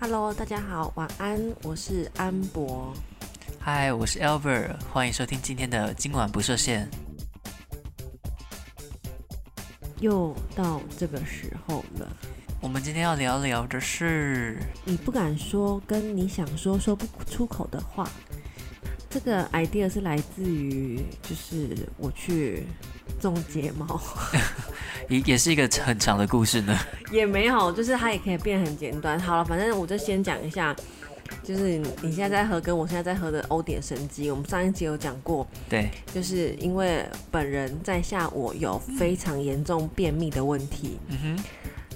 Hello，大家好，晚安，我是 Amber。Hi，我是 Albert，歡迎收聽今天的今晚不設限。又到這個時候了，我們今天要聊聊的是你不敢說、跟你想說說不出口的話。這個 idea 是來自於，就是我去種睫毛 ，也也是一個很長的故事呢。也沒有，就是它也可以變很簡短。好了，反正我就先講一下，就是你現在在喝跟我現在在喝的歐點神機，我們上一集有講過。對。就是因為本人在下午有非常嚴重便秘的問題，嗯哼。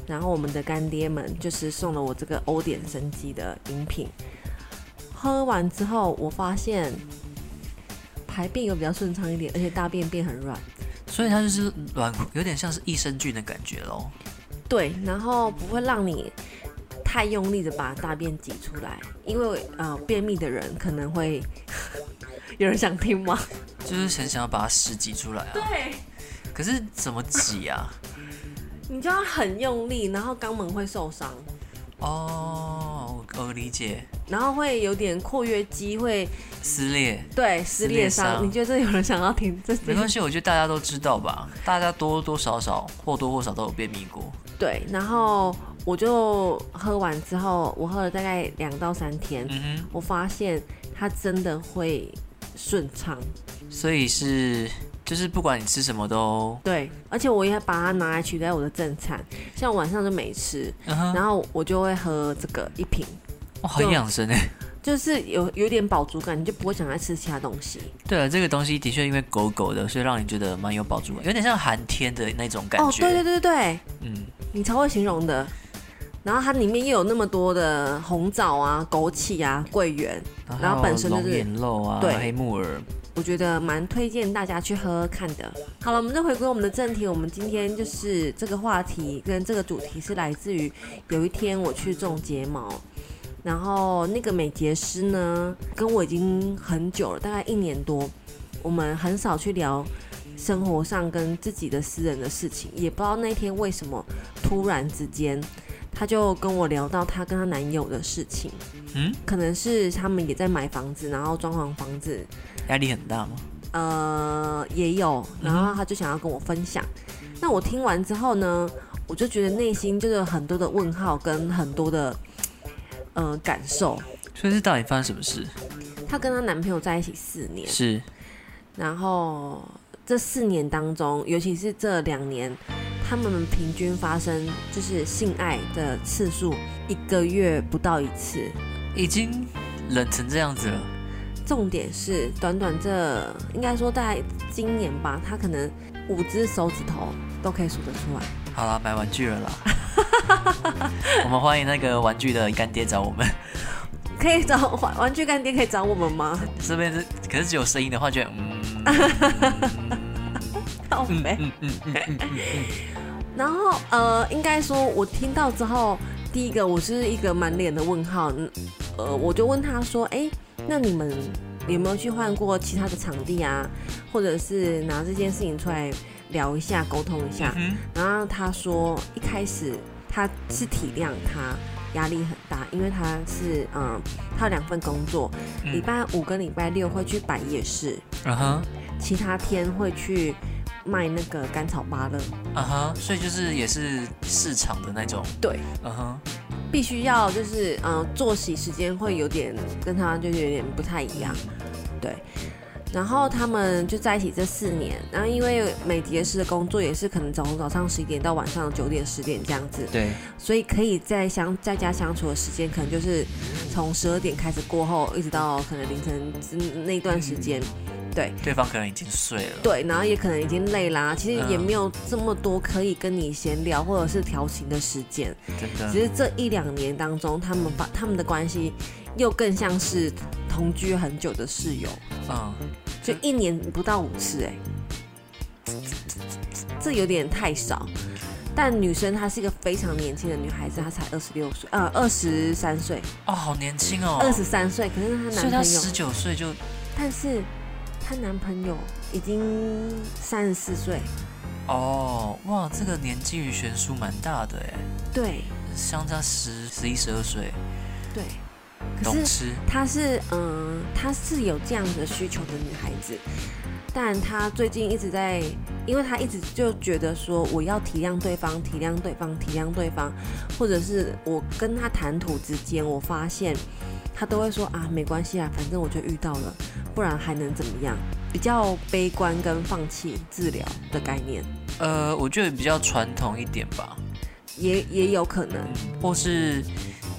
然後我們的乾爹們就是送了我這個歐點神機的飲品。喝完之後，我發現排便有比較順暢一點，而且大便變很軟，所以它就是軟，有點像是益生菌的感覺咯。對，然後不會讓你太用力的把大便擠出來，因為呃便秘的人可能會 有人想聽嗎？就是很想要把它屎擠出來啊。對。可是怎麼擠啊？ 你就要很用力，然後肛門會受傷。哦、oh，我理解。然後會有點括約肌會撕裂，對，撕裂傷。你覺得這有人想要聽？沒關係，我覺得大家都知道吧。大家多，少少多多少少或多或少都有便秘過。對，然後我就喝完之後，我喝了大概兩到三天，嗯、我發現它真的會順暢。所以是。就是不管你吃什麼都對，而且我也把它拿來取代我的正餐，像我晚上就沒吃，嗯，然後我就會喝這個一瓶，哇、哦，很養生哎，就是有有點飽足感，你就不會想再吃其他東西。對啊，這個東西的確因為狗狗的，所以讓你覺得蠻有飽足感，有點像寒天的那種感覺。哦，對對對對對，嗯，你才會形容的。然後它裡面又有那麼多的紅棗啊、枸杞啊、桂圓，然後本身就是龍眼肉啊，對、黑木耳，我覺得蠻推薦大家去喝喝看的。好了，我們再回歸我們的正題，我們今天就是這個話題跟這個主題是來自於有一天我去種睫毛，然後那個美睫師呢跟我已經很久了，大概一年多，我們很少去聊生活上跟自己的私人的事情，也不知道那天為什麼突然之間。他就跟我聊到他跟他男友的事情，嗯，可能是他們也在買房子，然後裝潢房子，壓力很大嗎？呃，也有。然後他就想要跟我分享。嗯、那我聽完之後呢，我就覺得內心就有很多的問號跟很多的呃感受。所以這到底發生什麼事？他跟他男朋友在一起四年，是，然後這四年當中，尤其是這兩年。他們平均發生就是性愛的次數一個月不到一次，已經冷成這樣子了。嗯，重點是短短這應該說大概今年吧，他可能五隻手指頭都可以數得出來。好了，買玩具了啦。 我們歡迎那個玩具的乾爹找我們。可以找玩具乾爹，可以找我們嗎？這邊是可是只有聲音的話就嗯， 嗯。嗯嗯嗯嗯，嗯然後，呃，應該說，我聽到之後，第一個我是一個滿臉的問號，呃，我就問他說，哎，那你們你有沒有去換過其他的場地啊？或者是拿這件事情出來聊一下，溝通一下？嗯。然後他說，一開始他是體諒他壓力很大，因為他是，嗯，他有兩份工作，嗯、禮拜五跟禮拜六會去擺夜市，嗯哼、嗯 uh-huh，其他天會去。賣那個甘草芭樂，嗯哼，所以就是也是市場的那種，對，嗯哼，必須要就是嗯、呃、作息時間會有點、嗯、跟他就是有點不太一樣，對。然後他們就在一起這四年，然後因為美睫師的工作也是可能從早上十一點到晚上九點十點這樣子，對，所以可以在相在家相處的時間可能就是從十二點開始過後，一直到可能凌晨那段時間、嗯，對，對方可能已經睡了，對，然後也可能已經累啦、啊，其實也沒有這麼多可以跟你閒聊或者是調情的時間，嗯、真的，只是這一兩年當中，他們把他們的關係又更像是同居很久的室友，啊、嗯。就一年不到五次哎、欸，這有點太少。但女生她是一個非常年輕的女孩子，她才二十六歲，呃，二十三歲哦，好年輕哦。二十三歲，可是她男朋友十九歲就，但是她男朋友已經三十四歲。哦哇，這個年紀懸殊蠻大的哎、欸。對，相差十十一十二歲。對。可是，她是，她是嗯，她是有這樣的需求的女孩子，但她最近一直在，因為她一直就覺得說，我要體諒對方，體諒對方，體諒對方，或者是我跟他談吐之間，我發現他都會說啊，沒關係啊，反正我就遇到了，不然還能怎麼樣？比較悲觀跟放棄治療的概念。呃，我覺得比較傳統一點吧。也也有可能。嗯，或是。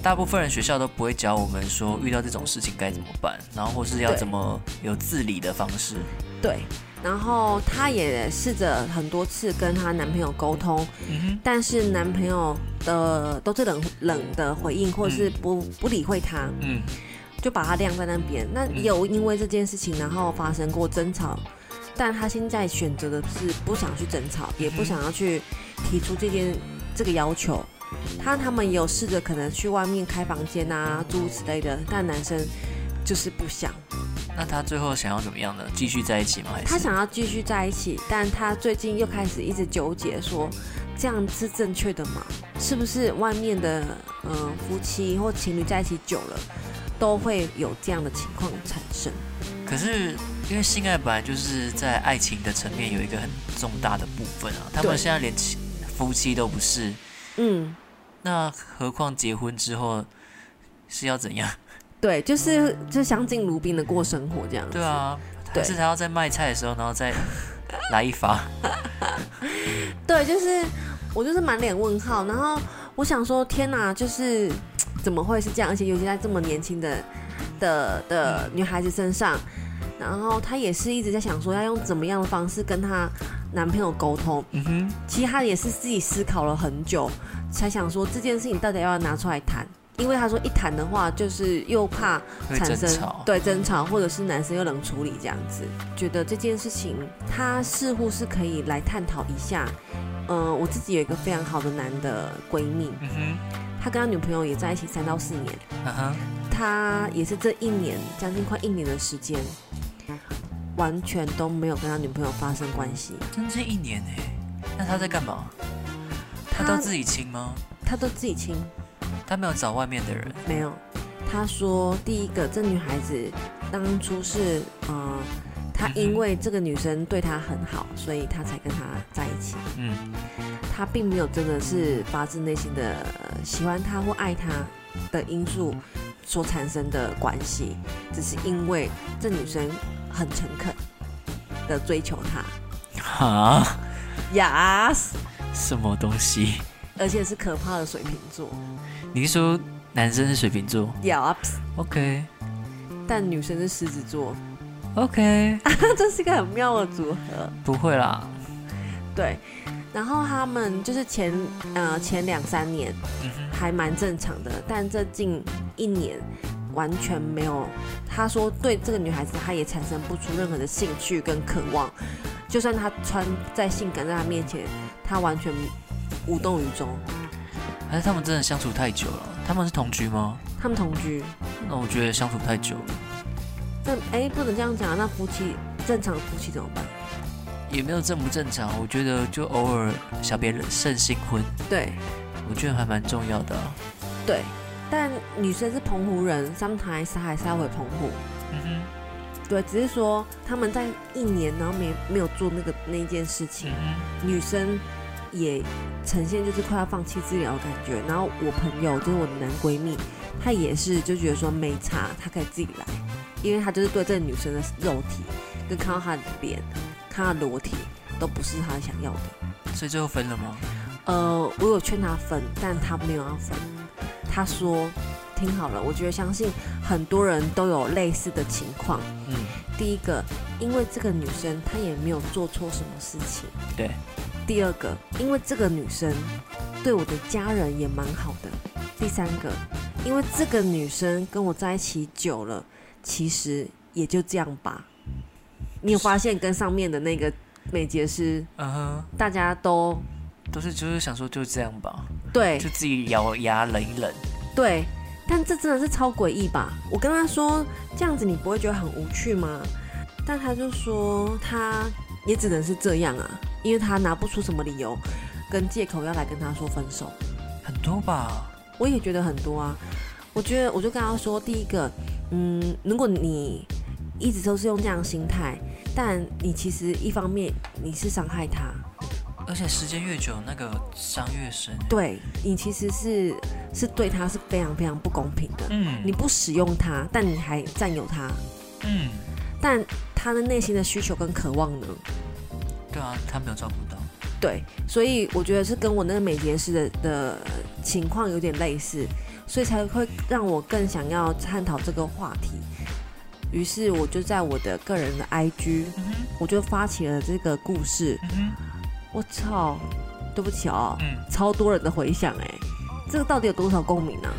大部分人學校都不會教我們說遇到這種事情該怎麼辦，然後或是要怎麼有自理的方式。對，然後她也試着很多次跟她男朋友溝通，嗯，但是男朋友的都是冷冷的回應，或者是不，嗯，不理會她，嗯，就把他晾在那邊。那也有因為這件事情然後發生過爭吵，但她現在選擇的是不想去爭吵，也不想要去提出這件這個要求。他他們有試着可能去外面開房間啊，諸如此類的。但男生就是不想。那他最後想要怎麼樣呢？繼續在一起嗎？還是他想要繼續在一起，但他最近又開始一直糾結說，說這樣是正確的嗎？是不是外面的嗯、呃、夫妻或情侶在一起久了，都會有這樣的情況產生？可是因為性愛本來就是在愛情的層面有一個很重大的部分啊。他們現在連夫妻都不是。嗯，那何況結婚之後是要怎樣？對，就是、嗯、就相敬如賓的過生活這樣子。對啊，甚至他要在賣菜的時候，然後再來一發。 對，就是我就是滿臉問號，然後我想說，天哪、啊，就是怎麼會是這樣？而且尤其在這麼年輕的的的女孩子身上。然後她也是一直在想說要用怎麼樣的方式跟她男朋友溝通。嗯、其實她也是自己思考了很久，才想說這件事情到底要不要拿出來談。因為她說一談的話，就是又怕產生對爭吵，或者是男生又冷處理這樣子。覺得這件事情，她似乎是可以來探討一下。嗯、呃，我自己有一個非常好的男的閨蜜。嗯、他跟他女朋友也在一起三到四年、嗯。他也是這一年將近快一年的時間。完全都沒有跟他女朋友發生關係，整整一年哎！那他在幹嘛？他都自己親嗎他？他都自己親，他沒有找外面的人。沒有，他說第一個這女孩子當初是呃，他因為這個女生對他很好，嗯，所以他才跟她在一起。嗯，他並沒有真的是發自內心的喜歡她或愛她的因素。所產生的關係，只是因為這女生很誠懇的追求他哈 yes 什麼東西？而且是可怕的水瓶座。你是說男生是水瓶座？yes。Yeps. OK。但女生是獅子座。OK。啊，這是一個很妙的組合。不會啦。對，然後他們就是前呃前兩三年。嗯還蠻正常的，但這近一年完全沒有。他說對這個女孩子，他也產生不出任何的興趣跟渴望。就算她穿再性感，在他面前，他完全無動於衷。還是他們真的相處太久了？他們是同居嗎？他們同居。那我覺得相處太久了。這哎、欸，不能這樣講啊。那夫妻正常夫妻怎麼辦？也沒有正不正常，我覺得就偶爾小別勝新婚。對。我覺得還蠻重要的、啊，對。但女生是澎湖人，上台殺還是要回澎湖。嗯哼。對，只是說他們在一年，然後沒沒有做那個那件事情、嗯，女生也呈現就是快要放棄治療的感覺。然後我朋友就是我的男閨蜜，他也是就覺得說沒差，他可以自己來，因為他就是對這個女生的肉體跟看到她的臉、她的裸體都不是他想要的。所以最後分了嗎？呃，我有勸他分，但他沒有要分。他說：“聽好了，我覺得相信很多人都有類似的情況。嗯，第一個，因為這個女生她也沒有做錯什麼事情。對。第二個，因為這個女生對我的家人也蠻好的。第三個，因為這個女生跟我在一起久了，其實也就這樣吧。你有發現跟上面的那個美睫師，嗯哼，大家都。都是就是想說就這樣吧，對，就自己咬牙忍一忍。對，但這真的是超詭異吧？我跟他說，這樣子你不會覺得很無趣嗎？但他就說他也只能是這樣啊，因為他拿不出什麼理由跟借口要來跟他說分手。很多吧，我也覺得很多啊。我覺得我就跟他說，第一個，嗯，如果你一直都是用這樣的心態，但你其實一方面你是傷害他。而且時間越久，那個傷越深。對，你其實是是對他是非常非常不公平的。嗯，你不使用他，但你還占有他。嗯，但他的內心的需求跟渴望呢？對啊，他沒有照顧到。對，所以我覺得是跟我那個美睫師的的情況有點類似，所以才會讓我更想要探討這個話題。於是我就在我的個人的 IG，、嗯、我就發起了這個故事。嗯我操，對不起哦，嗯，超多人的回響哎，這個到底有多少共鳴呢？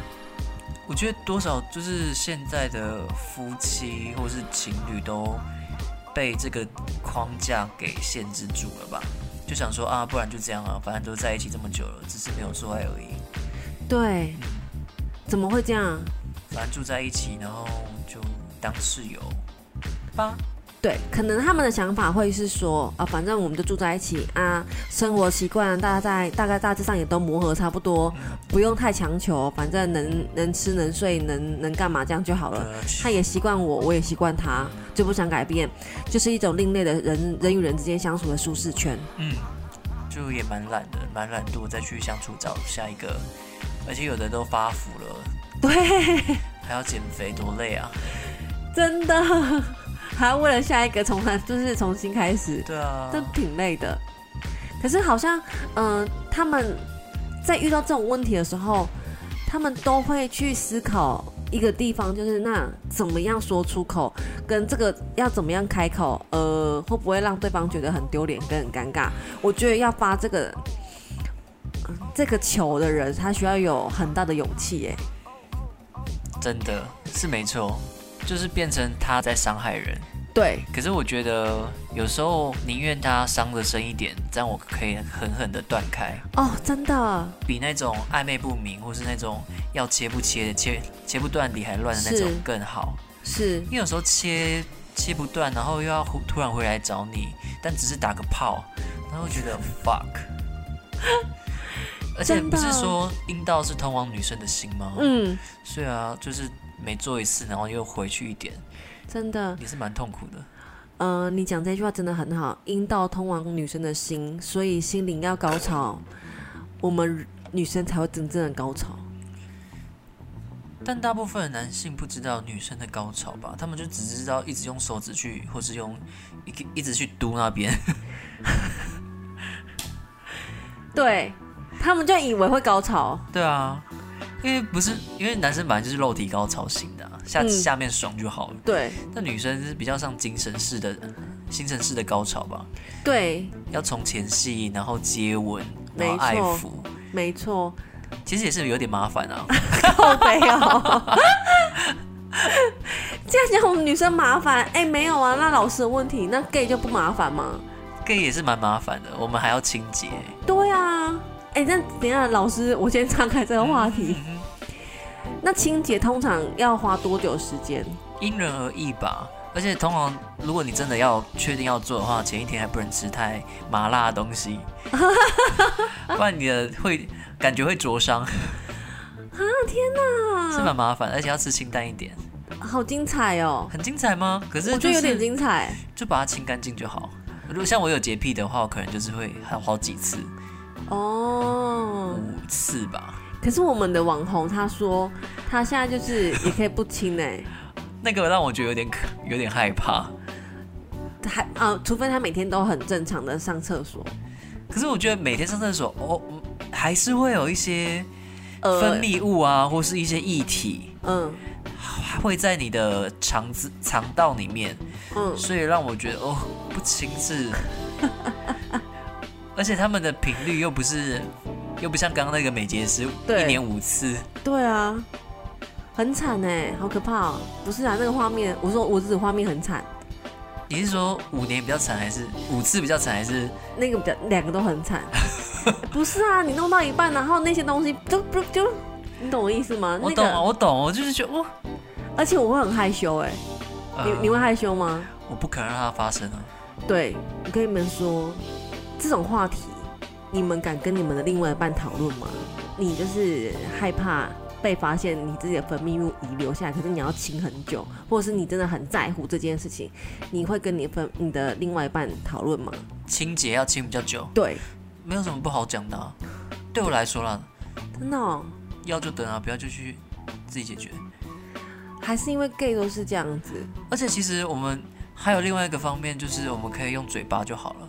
我覺得多少就是現在的夫妻或是情侶都被這個框架給限制住了吧，就想說啊，不然就這樣啊，反正都在一起這麼久了，只是沒有說愛而已。對、嗯，怎麼會這樣、啊？反正住在一起，然後就當室友吧。八。對，可能他們的想法會是說啊，反正我們就住在一起啊，生活習慣大家在大概大致上也都磨合差不多，不用太強求，反正能能吃能睡能能幹嘛這樣就好了。他也習慣我，我也習慣他、嗯，就不想改變，就是一種另類的人人與人之間相處的舒適圈。嗯，就也蠻懶的，蠻懶惰再去相處找下一個，而且有的都發福了，對，還要減肥多累啊！真的。他為了下一個從他就是重新開始，對啊，這挺累的。可是好像，嗯、呃，他們在遇到這種問題的時候，他們都會去思考一個地方，就是那怎麼樣說出口，跟這個要怎麼樣開口，呃，會不會讓對方覺得很丟臉跟很尷尬？我覺得要發這個、呃、這個球的人，他需要有很大的勇氣，哎，真的是沒錯。就是變成他在傷害人，對。可是我覺得有時候寧願他傷得深一點，這樣我可以狠狠地斷開。哦、oh,，真的？比那種曖昧不明，或是那種要切不切，切切不斷理還亂的那種更好。是，是因為有時候切切不斷，然後又要突然回來找你，但只是打個炮，然後我覺得 fuck。 而且不是說陰道是通往女生的心嗎？嗯，是啊，就是。每做一次，然後又回去一點，真的，也是蠻痛苦的。嗯、呃，你講這句話真的很好，陰道通往女生的心，所以心靈要高潮， 我們女生才會真正的高潮。但大部分的男性不知道女生的高潮吧？他們就只知道一直用手指去，或是用一一直去嘟那邊， 對，他們就以為會高潮。 對啊。因為不是，因為男生本來就是肉體高潮型的、啊，下、嗯、下面爽就好了。對，那女生是比較像精神式的，精神式的高潮吧？對。要從前戲，然後接吻，然後愛撫，沒錯。其實也是有點麻煩啊，啊沒有， 這樣講我們女生麻煩？哎、欸，沒有啊，那老師的問題，那 gay 就不麻煩嗎？gay 也是蠻麻煩的，我們還要清潔、欸。對呀、啊。哎、欸，那等下老師，我先岔開這個話題。那清潔通常要花多久時間？因人而異吧，而且通常如果你真的要確定要做的話，前一天還不能吃太麻辣的東西， 不然你的會感覺會灼傷。啊，天哪，是蠻麻煩，而且要吃清淡一點。好精彩哦！很精彩嗎？可是、就是、我覺得有點精彩，就把它清乾淨就好。如果像我有潔癖的話，我可能就是會還好幾次。哦、oh，五次吧。可是我們的網紅他說，他現在就是也可以不親呢， 那個讓我覺得有點可有點害怕。還啊，除非他每天都很正常的上廁所。可是我覺得每天上廁所哦，還是會有一些分泌物啊，呃、或是一些液體，嗯，還會在你的腸子腸道裡面，嗯，所以讓我覺得哦，不親是。 而且他們的頻率又不是，又不像剛剛那個美睫師對一年五次。對啊，很慘哎，好可怕，喔。不是啊，那個畫面，我說我自己畫面很慘。你是說五年比較慘，還是五次比較慘，還是那個比較兩個都很慘？ 欸、不是啊，你弄到一半，然後那些東西就不就，就，你懂我意思嗎？我懂啊，那個，我懂，我就是覺得我而且我會很害羞哎、呃。你你會害羞嗎？我不可能讓它發生啊。對，我跟你們說。這種話題，你們敢跟你們的另外一半討論嗎？你就是害怕被發現你自己的分泌物遺留下來，可是你要清很久，或者是你真的很在乎這件事情，你會跟你分你的另外一半討論嗎？清潔要清比較久，對，沒有什麼不好講的啊。對我來說啦，真的哦？要就等啊，不要就去自己解決。還是因為 gay 都是這樣子，而且其實我們還有另外一個方面，就是我們可以用嘴巴就好了。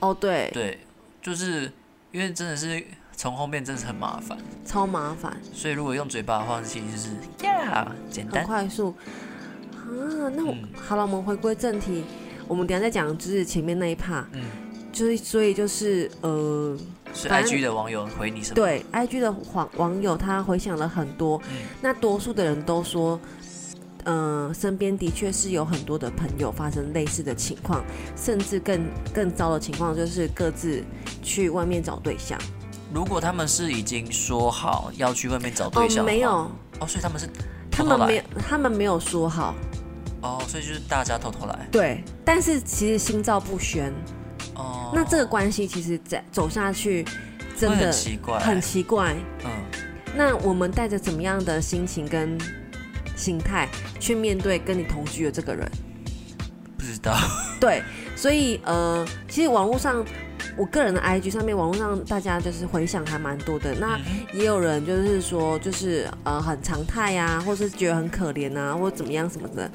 哦、oh，對對，就是因為真的是從後面，真的是很麻煩，超麻煩。所以如果用嘴巴的話，其實就是，yeah，啊、簡單、很快速。啊、那、嗯、好了，我們回歸正題，我們等一下再講，就是前面那一 part，嗯，就是所以就是呃，是 IG 的網友回你什麼？對，IG 的網網友他回想了很多，嗯、那多數的人都說，嗯、呃，身邊的確是有很多的朋友發生類似的情況，甚至更更糟的情況，就是各自去外面找對象。如果他們是已經說好要去外面找對象，哦，沒有，哦，所以他們是偷偷，他們沒他們沒有說好，哦，所以就是大家偷偷來，對，但是其實心照不宣，哦，那這個關係其實再走下去真的很奇怪，很奇怪，欸，嗯，那我們帶着怎麼樣的心情跟心態去面對跟你同居的這個人，不知道。對，所以呃，其實網絡上，我個人的 IG 上面，網絡上大家就是回想還蠻多的。那也有人就是說，就是呃，很常態呀、啊，或是覺得很可憐啊，或怎麼樣什麼的。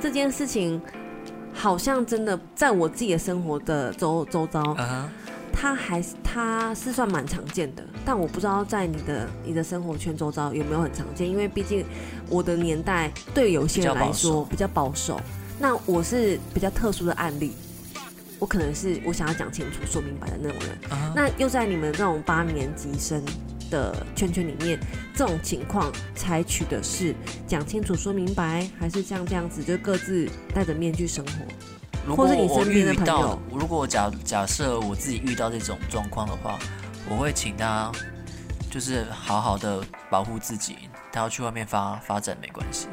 這件事情好像真的在我自己的生活的周周遭。Uh-huh. 他還是他是算蠻常見的，但我不知道在你的你的生活圈周遭有沒有很常見，因為畢竟我的年代對有些人來說比較，比較保守。那我是比較特殊的案例，我可能是我想要講清楚、說明白的那種人。Uh-huh. 那又在你們這種八年級生的圈圈裡面，這種情況採取的是講清楚、說明白，還是像這樣子就各自戴着面具生活？如果我遇到，如果假假設我自己遇到這種狀況的話，我會請他，就是好好的保護自己。他要去外面發發展沒關係，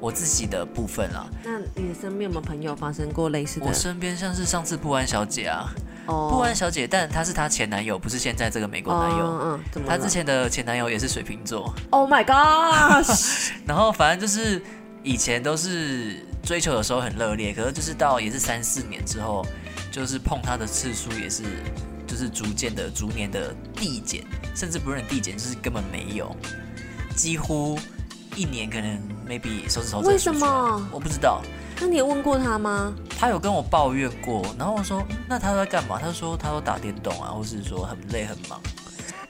我自己的部分啦。那你的身邊有沒有朋友發生過類似的？我身邊像是上次布安小姐啊，oh. 布安小姐，但她是她前男友，不是現在這個美國男友。嗯嗯，怎麼？她之前的前男友也是水瓶座。Oh my god！ 然後反正就是以前都是。追求的時候很熱烈，可是就是到也是三四年之後，就是碰他的次數也是，就是逐漸的、逐年的遞減，甚至不是遞減，就是根本沒有，幾乎一年可能 maybe 手指頭。為什麼？我不知道。那你有問過他嗎？他有跟我抱怨過，然後我說：“那他在幹嘛？”他說：“他說打電動啊，或是說很累很忙。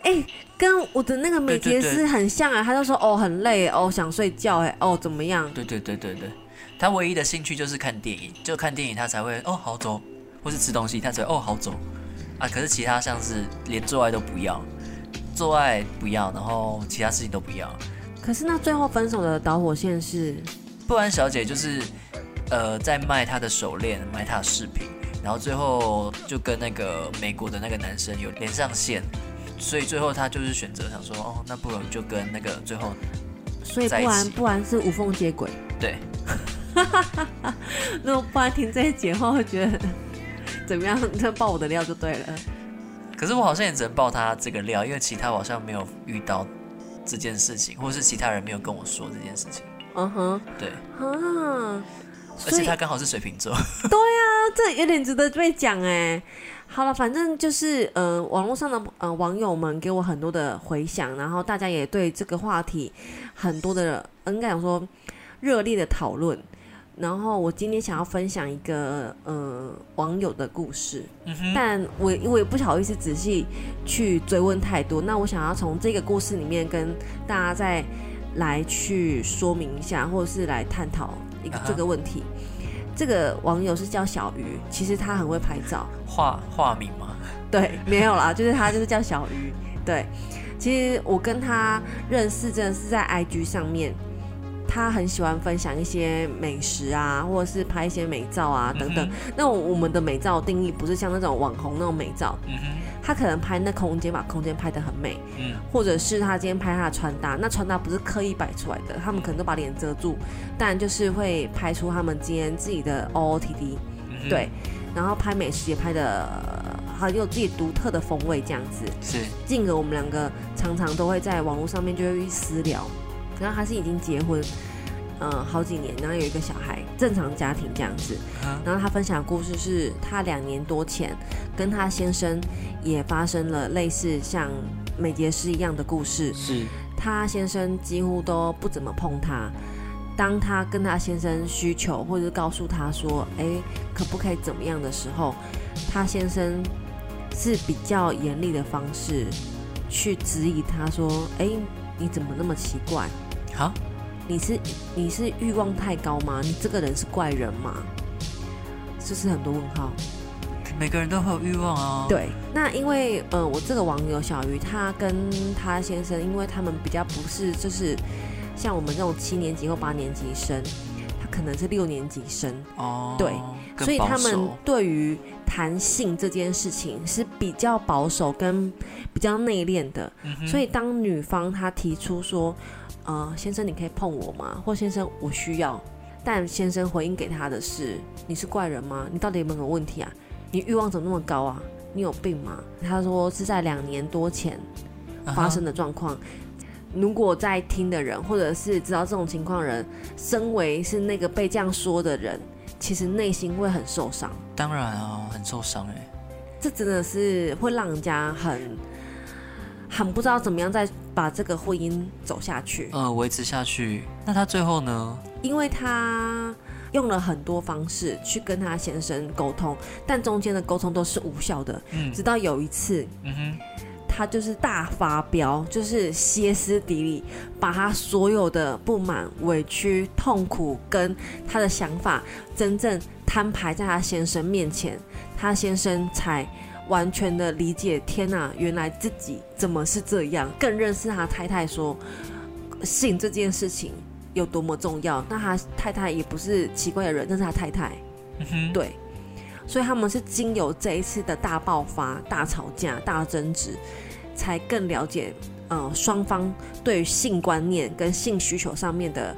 欸”哎，跟我的那個美睫師很像啊、欸，他就說：“哦，很累哦，想睡覺哎、欸，哦怎麼樣？”對對對對對，對。他唯一的興趣就是看電影，就看電影他才會哦好走，或是吃東西他才會哦好走啊。可是其他像是連做愛都不要，做愛不要，然後其他事情都不要。可是那最後分手的導火線是，不安小姐就是呃在賣她的手鏈，賣她的飾品，然後最後就跟那個美國的那個男生有連上線，所以最後她就是選擇想說哦那不然就跟那個最後，所以不安不安是無縫接軌對。 哈哈哈！那我不來聽這一解後，會覺得怎麼樣？你爆我的料就對了。可是我好像也只能爆他這個料，因為其他好像沒有遇到這件事情，或者是其他人沒有跟我說這件事情。嗯哼，對。啊！而且他剛好是水瓶座。瓶座。 對呀、啊，這有點值得被講哎。好了，反正就是嗯、呃，網絡上的嗯、呃，網友們給我很多的回響，然後大家也對這個話題很多的應該講說熱烈的討論。然後我今天想要分享一個呃網友的故事，嗯哼，但我因為不好意思仔細去追問太多。那我想要從這個故事裡面跟大家再來去說明一下，或者是來探討一個、啊、這個問題。這個網友是叫小魚，其實他很會拍照，化化名嗎？對，沒有啦，就是他就是叫小魚。 對，其實我跟他認識真的是在 IG 上面。他很喜歡分享一些美食啊，或者是拍一些美照啊等等。嗯、那我，我們的美照的定義不是像那種網紅那種美照，嗯、他可能拍那空間把空間拍得很美，嗯，或者是他今天拍他的穿搭，那穿搭不是刻意擺出來的，他們可能都把臉遮住，嗯、但就是會拍出他們今天自己的 OOTD，、嗯、對，然後拍美食也拍得很有自己獨特的風味這樣子，是，進而我們兩個常常都會在網絡上面就會去私聊。然後他是已經結婚，嗯、呃，好幾年，然後有一個小孩，正常家庭這樣子。啊、然後他分享的故事是他兩年多前跟他先生也發生了類似像美睫師一樣的故事。是，他先生幾乎都不怎麼碰他。當他跟他先生需求或者是告訴他說：“哎，可不可以怎麼樣的時候”，他先生是比較嚴厲的方式去指引他說：“哎。”你怎麼那麼奇怪？好、啊，你是你是欲望太高嗎？你這個人是怪人嗎？這、就是很多問號。每個人都會有欲望啊、哦。對，那因為嗯、呃，我這個網友小魚，他跟他先生，因為他們比較不是就是像我們這種七年級或八年級生，他可能是六年級生哦。對。所以他們對於談性這件事情是比較保守跟比較內斂的。所以當女方她提出說：“呃，先生你可以碰我嗎？”或“先生我需要。”但先生回應給她的是：“你是怪人嗎？你到底有沒有問題啊？你欲望怎麼那麼高啊？你有病嗎？”他說是在兩年多前發生的狀況。如果在聽的人或者是知道這種情況的人，身為是那個被這樣說的人。其實內心會很受傷，當然啊、哦，很受傷。這真的是會讓人家很很不知道怎麼樣再把這個婚姻走下去，呃，維持下去。那他最後呢？因為他用了很多方式去跟他先生溝通，但中間的溝通都是無效的，嗯，直到有一次，嗯哼。他就是大發飆，就是歇斯底里，把他所有的不滿、委屈、痛苦跟他的想法真正攤牌，在他先生面前，他先生才完全的理解。天吶、啊，原來自己怎麼是這樣，更認識他太太說，說信這件事情有多麼重要。那他太太也不是奇怪的人，那是他太太，嗯哼，對。所以他們是經由這一次的大爆發、大吵架、大爭執，才更了解，呃，雙方對於性觀念跟性需求上面的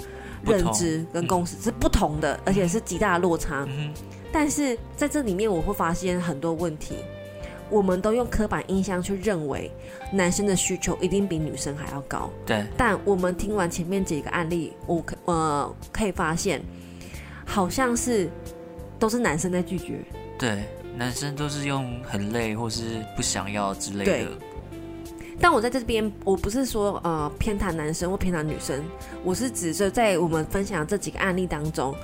認知跟共識是不同的，同嗯、而且是極大的落差，嗯嗯。但是在這裡面，我會發現很多問題。我們都用刻板印象去認為，男生的需求一定比女生還要高。對。但我們聽完前面幾個案例，我可呃可以發現，好像是。都是男生在拒絕，對，男生都是用很累或是不想要之類的。對，但我在這邊，我不是說呃偏袒男生或偏袒女生，我是指着在我們分享這幾個案例當中，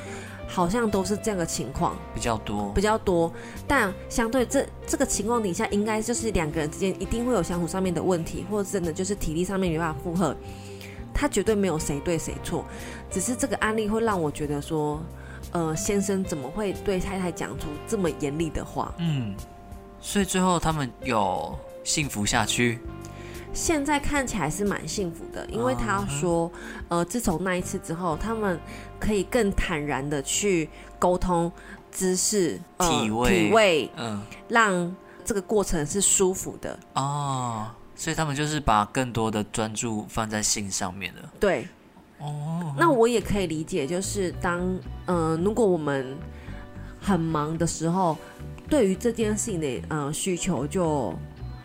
好像都是這樣的情況比較多，呃，比較多。但相對這這個情況底下，應該就是兩個人之間一定會有相互上面的問題，或者真的就是體力上面沒辦法負荷。他絕對沒有誰對誰錯，只是這個案例會讓我覺得說。呃，先生怎麼會對太太講出這麼嚴厲的話？嗯，所以最後他們有幸福下去。現在看起來是蠻幸福的，因為他說，uh -huh. 呃，自從那一次之後，他們可以更坦然地去溝通知識、體位、呃、體位，嗯，讓這個過程是舒服的。哦、uh -huh.，所以他們就是把更多的專注放在性上面了。對。哦、oh, oh,，oh, oh. 那我也可以理解，就是當嗯、呃，如果我們很忙的時候，對於這件事情的嗯、呃、需求就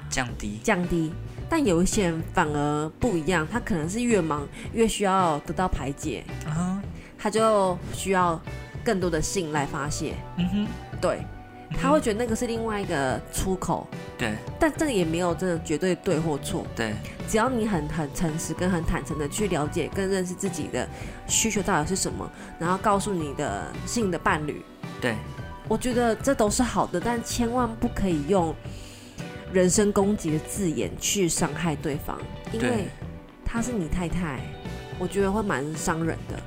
降低降低，但有一些人反而不一樣，他可能是越忙越需要得到排解，uh-huh. 他就需要更多的性來發洩，嗯哼，對。他會覺得那個是另外一個出口，嗯，對。但這個也沒有真的絕對對或錯，對。只要你很很誠實跟很坦誠地去了解跟認識自己的需求到底是什麼，然後告訴你的性的伴侶，對。我覺得這都是好的，但千萬不可以用人身攻擊的字眼去傷害對方，因為他是你太太，我覺得會蠻傷人的。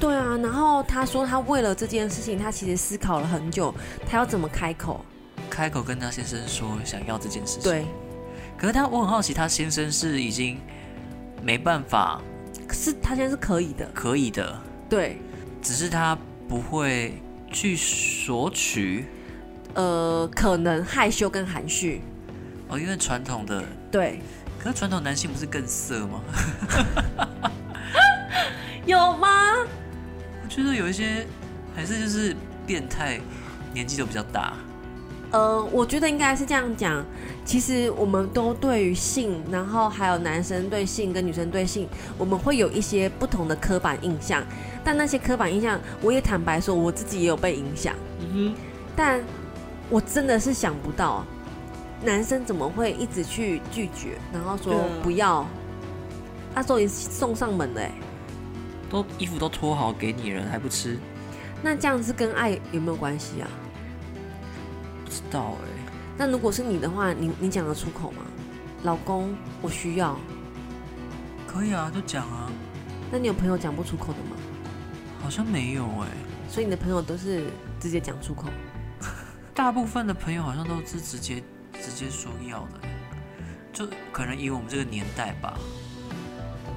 對啊，然後他說他為了這件事情，他其實思考了很久，他要怎麼開口，開口跟他先生說想要這件事情。對，可是他，我很好奇，他先生是已經沒辦法，可是他現在是可以的，可以的，對，只是他不會去索取，呃，可能害羞跟含蓄，哦，因為傳統的，對，可是傳統男性不是更色嗎？ 有嗎？就是有一些，還是就是變態，年紀都比較大。呃，我覺得應該是這樣講。其實我們都對於性，然後還有男生對性跟女生對性，我們會有一些不同的刻板印象。但那些刻板印象，我也坦白說，我自己也有被影響。嗯哼。但我真的是想不到，男生怎麼會一直去拒絕，然後說不要？嗯，他說你送上門的，欸。都衣服都脫好給你了，還不吃？那這樣子跟愛有沒有關係啊？不知道欸。那如果是你的話，你你講得出口嗎？老公，我需要。可以啊，就講啊。那你有朋友講不出口的嗎？好像沒有欸。所以你的朋友都是直接講出口？ 大部分的朋友好像都是直接直接說要的欸，就可能以我們這個年代吧，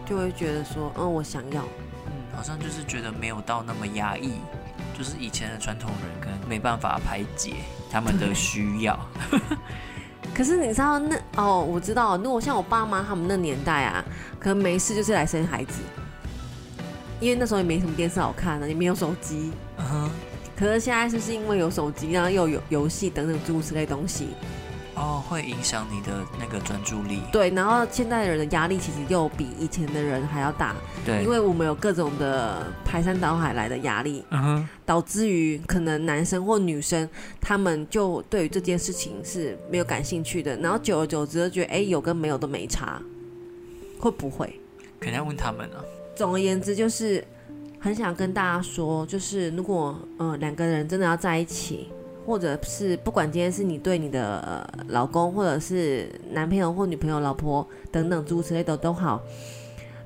就會覺得說，嗯，我想要。好像就是覺得沒有到那麼壓抑，就是以前的傳統人可能沒辦法排解他們的需要。 可是你知道那哦，我知道，如果像我爸媽他們那年代啊，可能沒事就是來生孩子，因為那時候也沒什麼電視好看的，也沒有手機。Uh -huh. 可是現在就是，是因為有手機，然後又有遊戲等等諸如此類東西？哦，oh，會影響你的那個專注力。對，然後現在的人的壓力其實又比以前的人還要大，對，因為我們有各種的排山倒海來的壓力，uh-huh. 導致於可能男生或女生他們就對於這件事情是沒有感興趣的，然後久而久之就覺得，哎，有跟沒有都沒差，會不會？肯定要問他們啊。總而言之，就是很想跟大家說，就是如果嗯，呃，兩個人真的要在一起。或者是不管今天是你對你的老公，或者是男朋友或女朋友，老婆等等諸如此類都都好，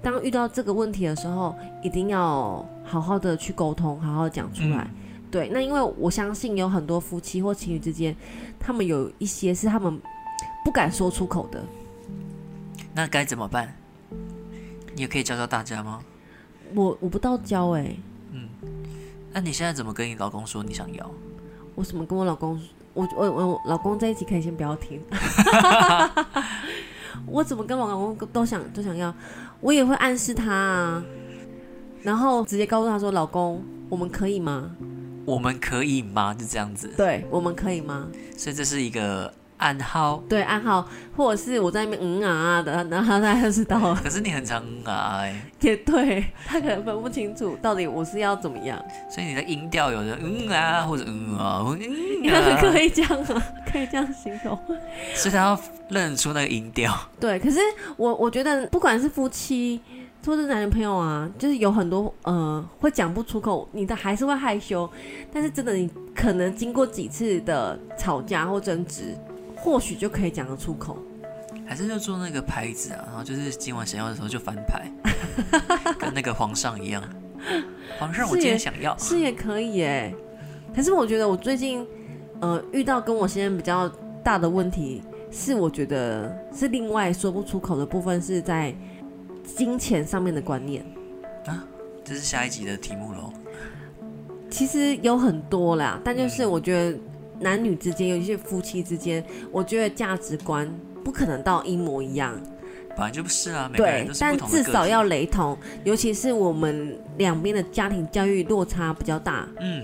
當遇到這個問題的時候，一定要好好的去溝通，好好講出來，嗯。對，那因為我相信有很多夫妻或情侶之間，他們有一些是他們不敢說出口的。那該怎麼辦？你也可以教教大家嗎？我我不到教誒、欸。嗯，那你現在怎麼跟你老公說你想要？我怎麼跟我老公，我我我，我老公在一起可以先不要聽， 我怎麼跟我老公都想都想要，我也會暗示他啊，然後直接告訴他說：“老公，我們可以嗎？我們可以嗎？”就這樣子，對，我們可以嗎？所以這是一個。暗號對暗號，或者是我在那邊嗯啊啊的，然後他就知道了。可是你很常嗯啊哎、啊欸，也對他可能分不清楚到底我是要怎麼樣。所以你的音調有的嗯啊，或者嗯啊，嗯啊，可以這樣啊，可以這樣形容。 所以他要認出那個音調。對，可是我我覺得不管是夫妻，或是男女朋友啊，就是有很多呃會講不出口，你的還是會害羞。但是真的，你可能經過幾次的吵架或爭執，或許就可以講得出口，還是就做那個牌子啊，然後就是今晚想要的時候就翻牌， 跟那個皇上一樣。皇上，我今天想要，是也，是也可以哎。可是我覺得我最近呃遇到跟我先生比較大的問題是，我覺得是另外說不出口的部分是在金錢上面的觀念啊，這是下一集的題目嘍。其實有很多啦，但就是我覺得。男女之間，尤其是夫妻之間，我覺得價值觀不可能到一模一樣，本來就不是啊。是對，但至少要雷同，尤其是我們兩邊的家庭教育落差比較大，嗯，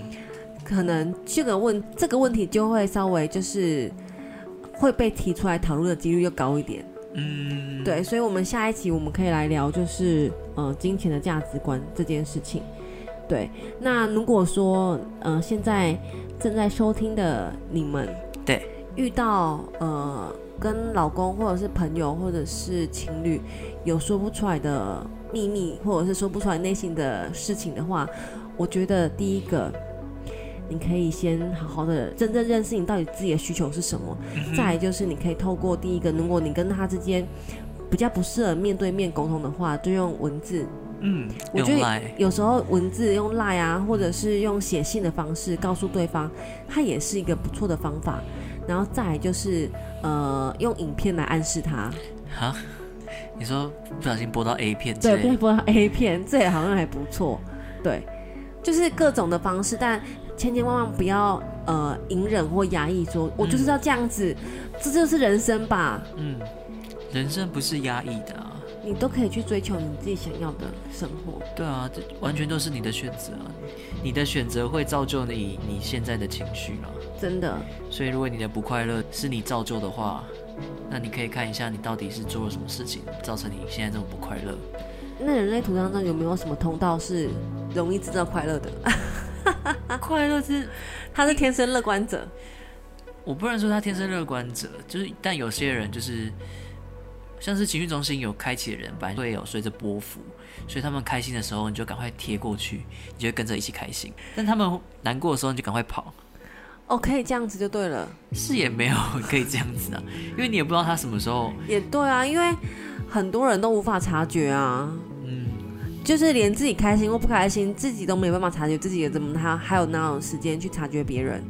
可能這個問這個問題就會稍微就是會被提出來討論的幾率就高一點，嗯，對，所以我們下一期我們可以來聊就是呃金錢的價值觀這件事情。對，那如果說，呃，現在正在收聽的你們，對，遇到呃，跟老公或者是朋友或者是情侶有說不出來的秘密，或者是說不出來內心的事情的話，我覺得第一個，你可以先好好的真正認識你到底自己的需求是什麼。再就是你可以透過第一個，如果你跟他之間比較不適合面對面溝通的話，就用文字。嗯，我覺得有時候文字用賴啊用，或者是用寫信的方式告訴對方，它也是一個不錯的方法。然後再就是，呃，用影片來暗示他。哈，你說不小心播到 A 片？對，不播播到 A 片，這也好像還不錯，嗯。對，就是各種的方式，但千千萬萬不要呃隱忍或壓抑，說、嗯、我就是要這樣子，這就是人生吧。嗯，人生不是壓抑的，啊。你都可以去追求你自己想要的生活。對啊，這完全都是你的選擇啊，你的選擇會造就你你現在的情緒啊。真的。所以，如果你的不快樂是你造就的話，那你可以看一下，你到底是做了什麼事情，造成你現在這種不快樂。那人類圖當中有沒有什麼通道是容易制造快樂的？ 快樂是，他是天生樂觀者。我不能說他天生樂觀者，就是，但有些人就是。像是情緒中心有開啟的人，本來就有隨着波幅，所以他們開心的時候，你就趕快貼過去，你就會跟着一起開心；但他們難過的時候，你就趕快跑。哦，可以這樣子就對了。是也沒有可以這樣子啊， 因為你也不知道他什麼時候。也對啊，因為很多人都無法察覺啊。嗯。就是連自己開心或不開心，自己都沒有辦法察覺，自己怎麼他還有那種時間去察覺別人？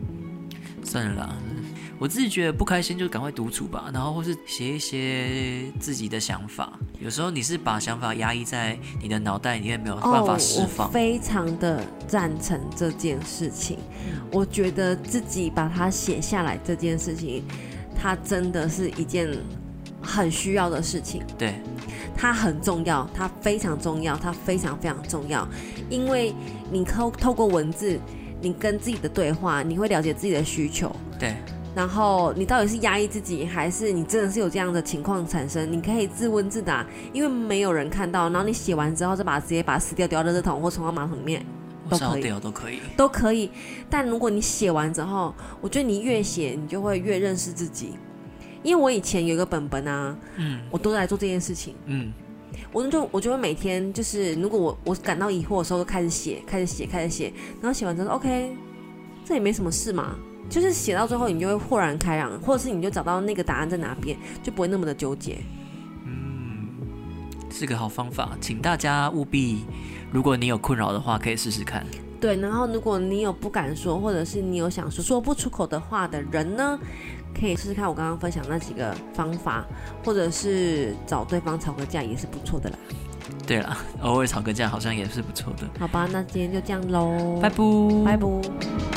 算了啦。我自己覺得不開心，就趕快獨處吧，然後或是寫一些自己的想法。有時候你是把想法壓抑在你的腦袋裡，裡面，沒有辦法釋放。哦，我非常的贊成這件事情。嗯。我覺得自己把它寫下來這件事情，它真的是一件很需要的事情。對，它很重要，它非常重要，它非常非常重要。因為你透透過文字，你跟自己的對話，你會了解自己的需求。對。然後你到底是壓抑自己，還是你真的是有這樣的情況產生？你可以自問自答，因為沒有人看到。然後你寫完之後就，再把它直接把它撕掉，丟到這桶，或沖到馬桶裡面都可以。掉都可以。都可以。但如果你寫完之後，我覺得你越寫，你就會越認識自己。因為我以前有一個本本啊，嗯，我都在做這件事情，嗯，我就我就會每天就是，如果我我感到疑惑的時候，都開始寫，開始寫，開始寫，然後寫完之後，OK，這也沒什麼事嘛。就是寫到最後，你就會豁然開朗，或者是你就找到那個答案在哪邊，就不會那麼的糾結。嗯，是個好方法，請大家務必，如果你有困擾的話，可以試試看。對，然後如果你有不敢說，或者是你有想說說不出口的話的人呢，可以試試看我剛剛分享那幾個方法，或者是找對方吵個架也是不錯的啦。對了，偶爾吵個架好像也是不錯的。好吧，那今天就這樣嘍，拜拜，